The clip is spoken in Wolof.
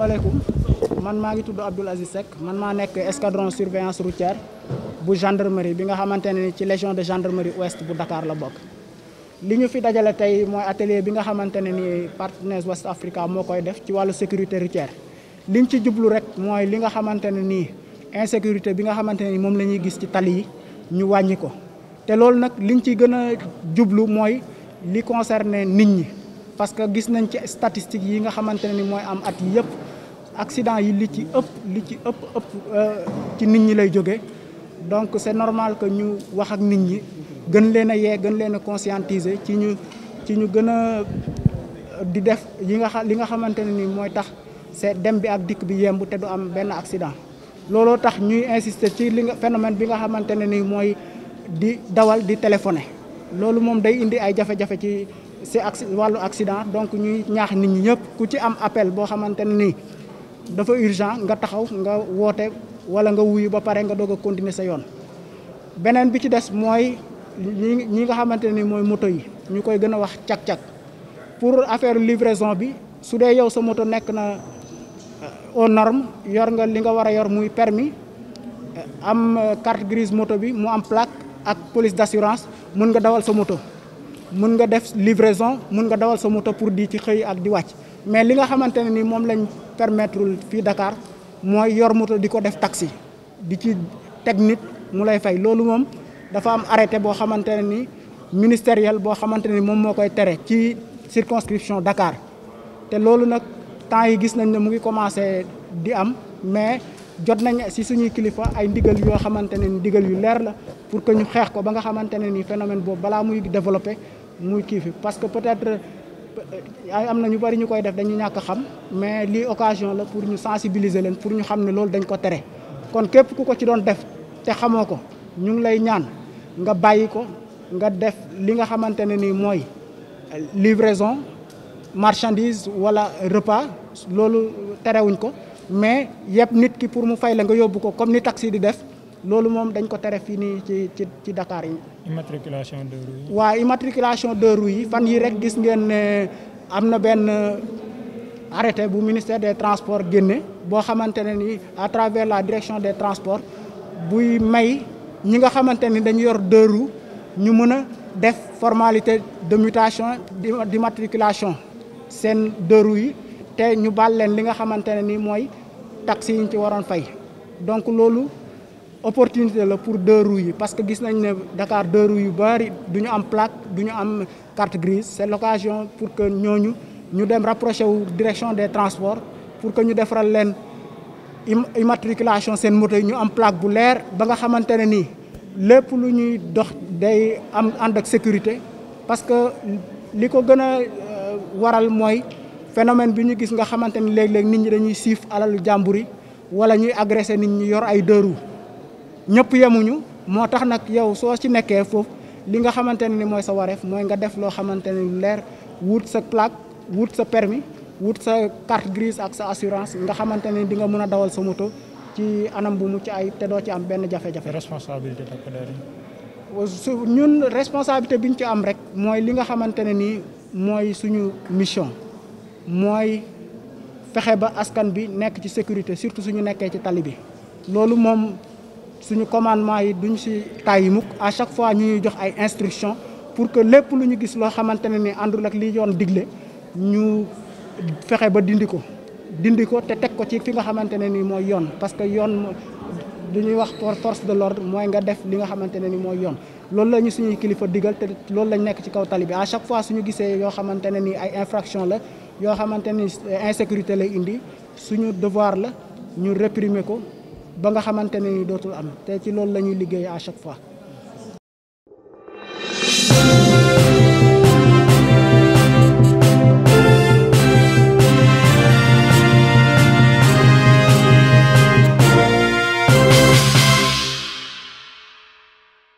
asalaamaaleykum man maa ngi tudd Abdoul Aziz Seck man maa nekk escadron surveillance routière bu gendarmerie bi nga xamante ne ni ci légion de gendarmerie ouest bu Dakar la bokk. li ñu fi dajale tey mooy atelier bi nga xamante ne ni Partners West Africa moo koy def ci wàllu sécurité li liñ ci jublu rek mooy li nga xamante ne nii insécurité bi nga xamante ne ni moom la ñuy gis ci tali yi ñu wàññi ko te loolu nag li liñ ci gën a jublu mooy li concerné nit ñi parce que gis nañ ci statistiques yi nga xamante ne ni mooy am at yi yëpp accident yi li ci ëpp li ci ëpp ëpp euh, ci nit ñi lay jóge donc c'est normal que ñu wax ak nit ñi gën leen a yee gën leen a conscientiser ci ñu ci ñu gën a euh, di def yi nga xam li nga xamante ne ni mooy tax c'est dem bi ak dikk bi yemb te du am benn accident looloo tax ñuy insister ci li nga phénomène bi nga xamante ne ni mooy di dawal di téléphoner loolu moom day indi ay jafe-jafe ci si wàllu accident donc ñuy ñaax nit ñi ñëpp ku ci am appel boo xamante ne ni dafa urgent nga taxaw nga woote wala nga wuyu ba pare nga doog a continuer sa yoon beneen bi ci des mooy ñi ñi nga xamante ni mooy moto yi ñu koy gën a wax cak-cak pour affaire livraison bi su dee yow sa moto nekk na euh, aux norme yor nga li nga war a yor muy permis euh, am euh, carte grise moto bi mu am plaque ak police d'assurance mun nga dawal sa moto mun nga def livraison mun nga dawal sa moto pour di ci xëy ak di wàcc mais li nga xamante ne ni moom lañ permettre fii dakaar mooy yor moto di ko def taxsi di ci teg mu lay fay loolu moom dafa am arrêté boo xamante ne ni ministériel boo xamante ni moom moo koy tere ci circonscription dakaar te loolu nag temps yi gis nañ ne mu ngi commencé di am mais jot nañ si suñuy kilifa ay ndigal yoo xamante ne ni ndigal yu leer la pour que ñu xeex ko ba xamante ne ni phénomène boobu balaa muy développé muy kii fi parce que peut-être euh, am na ñu bari ñu koy def dañu ñàkk xam mais lii occasion la pour ñu sensibiliser leen pour ñu xam ne loolu dañ ko tere kon képp ku ko ci doon def te xamoo ko ñu ngi lay ñaan nga bàyyi ko nga def li nga xamante ne nii mooy livraison marchandise wala repas loolu terewuñ ko mais yëpp nit ki pour mu fay la nga yóbbu ko comme ni taxi di def loolu moom dañ ko tere fii nii ci ci ci Dakar yi. immatriculation deux roues yi. waaw immatriculation deux yi fan yi rek gis ngeen ne am na benn arrêté bu ministère des transport génne boo xamante ne ni à travers la direction des transports buy may ñi nga xamante ni dañu yor deux roues ñu mën a def formalité de mutation matriculation seen deux yi te ñu baal leen li nga xamante ne ni mooy taxi yi ñu ci waroon fay donc loolu. opportunité la pour deux roues yi parce que gis nañ ne Dakar deux roues yu bari du ñu am plaque du ñu am carte grise c'est l'occasion pour que ñoo ñu dem rapproché wu direction des transport pour que ñu defaral leen immatriculation seen moto yi ñu am plaque bu leer ba nga xamante ne nii lépp lu ñuy dox day am ànd ak sécurité parce que li ko gën a euh, waral mooy phénomène bi ñu gis nga xamante ni léeg-léeg nit ñi dañuy siif alalu jàmbur yi wala ñuy agressé nit ñi yor ay deux ñëpp yemuñu moo tax nag yow soo ci nekkee foofu li nga xamante ne ni mooy sa wareef mooy nga def loo xamante ne leer wut sa plaque wut sa permis wut sa carte grise ak sa assurance nga xamante ni di nga mën a dawal sa moto ci anam bu mucc ay te doo ci am benn jafe-jafe. responsabilité su ñun responsabilité bi ñu ci am rek mooy li nga xamante ne nii mooy suñu mission mooy fexe ba askan bi nekk ci sécurité surtout suñu nekkee ci tali bi loolu moom. suñu commandement yi duñ si tàyyi mukk à chaque fois ñu ñuy jox ay instructions pour que lépp lu ñu gis loo xamante ne ni àndul ak li yoon digle ñu fexe ba dindi ko dindi ko te teg ko ci fi nga xamante ne ni mooy yoon parce que yoon du ñuy wax force de l'ordre mooy nga def li nga xamante ne ni mooy yoon loolu la ñu suñuy kilifa digal te loolu lañ nekk ci kaw tali bi à chaque fois suñu gisee yoo xamante ne ni ay infraction la yoo xamante ni insécurité lay indi suñu devoir la ñu réprimer ko ba nga xamante ne dootul am te ci loolu la ñuy liggéey à chaque fois.